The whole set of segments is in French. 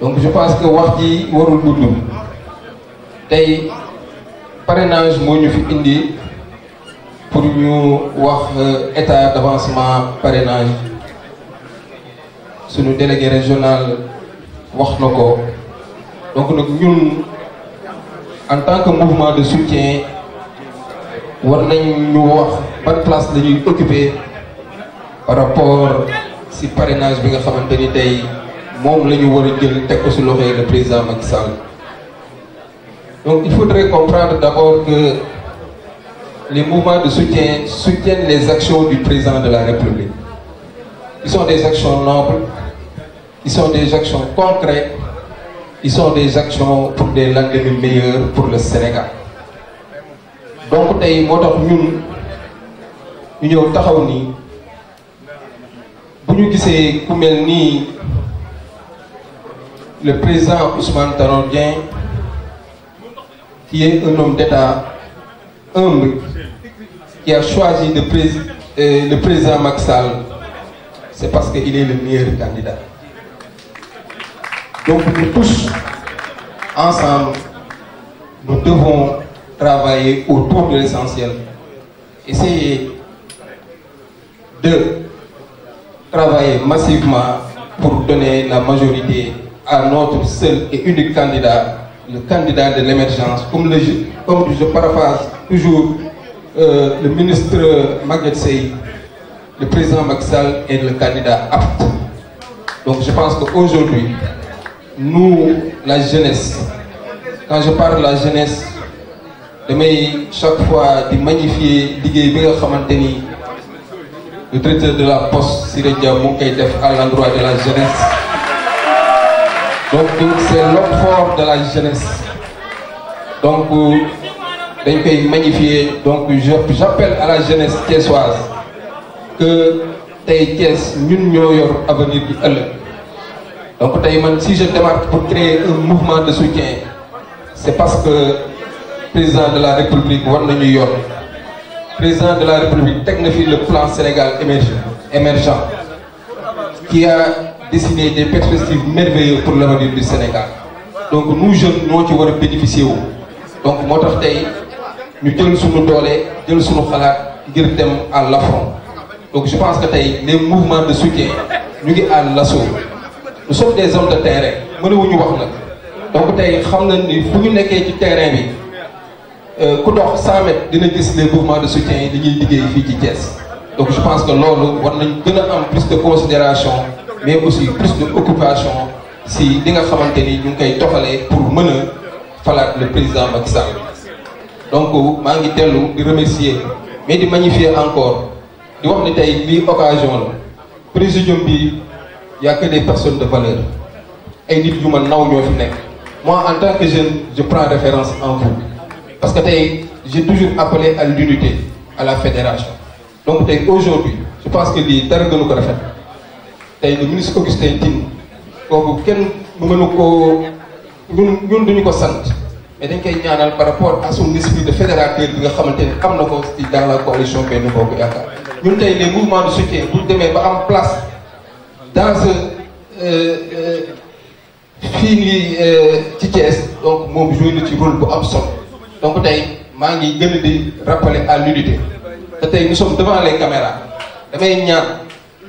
donc je pense que wax ji warul gudd tey parrainage moo ñu fi indi pour ñu wax euh, état d'avancement parrainage suñu délégué régional wax donc nous, ñun en tant que mouvement de soutien nous nañ ñu wax ban place occupée occuper par rapport à ce parrainage bi nga avons tay le président donc il faudrait comprendre d'abord que les mouvements de soutien soutiennent les actions du président de la République ils sont des actions nobles ils sont des actions concrètes ils sont des actions pour des lendemains meilleurs pour le Sénégal donc tay motax ñun taxaw le président Ousmane Tarondien qui est un homme d'État humble, qui a choisi de euh, le président Maxal, c'est parce qu'il est le meilleur candidat. Donc nous tous, ensemble, nous devons travailler autour de l'essentiel. Essayer de travailler massivement pour donner la majorité à notre seul et unique candidat, le candidat de l'émergence, comme, le, je paraphrase toujours euh, le ministre Maguetsei, le président Maxal est le candidat apte. Donc je pense qu'aujourd'hui, nous, la jeunesse, quand je parle de la jeunesse, je mets chaque fois de magnifier bi le traiteur de la poste Siré Dia à l'endroit de la jeunesse donc c'est l'offre de la jeunesse donc un pays magnifier donc j'appelle à la jeunesse thiessoise que tey ties ñun ñoo avenir donc si je démarque pour créer un mouvement de soutien c'est parce que président de la république New York, York, président de la république technifie le plan Sénégal émergent émergent qui a dessiner des perspectives merveilleuses pour l'avenir du Sénégal donc nous jeunes nous bénéficier donc nous, nous nous ñu sur nous à l'affront donc je pense que nous, les mouvements de soutien nous à l'assaut nous sommes des hommes de terrain nous nous donc nous xam nañ nous fu terrain euh, les mouvements de soutien donc je pense que nous war donner plus de considération mais aussi plus de si nous nga xamante ñu ngi pour mener le président Macky Sall donc je ngi remercier mais de magnifier encore di wax ni occasion le Président il n'y a que des personnes de valeur et nous moi en tant que jeune je prends référence en vous parce que j'ai toujours appelé à l'unité à la fédération donc aujourd'hui je pense que nous avons tey le ministre Augustin Tine kooku kenn mënu ko ñun ñun duñu ko sant mais dañ koy ñaanal par rapport à son de de fédérateur bi nga xamante ni am na ko ci dans la coalition Benno Bokk Yaakaar ñun tey les mouvements de soutien bu demee ba am place dans ce euh, euh, fii nii euh, ci Thiès donc moom joué ci rôle bu am solo donc tey maa ngi gën di rappeler à l'unité te tey nous sommes devant les damay ñaan.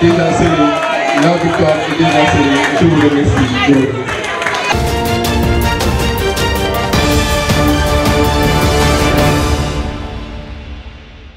Idrissa Seck la victoire Idrissa Seck je vous remercie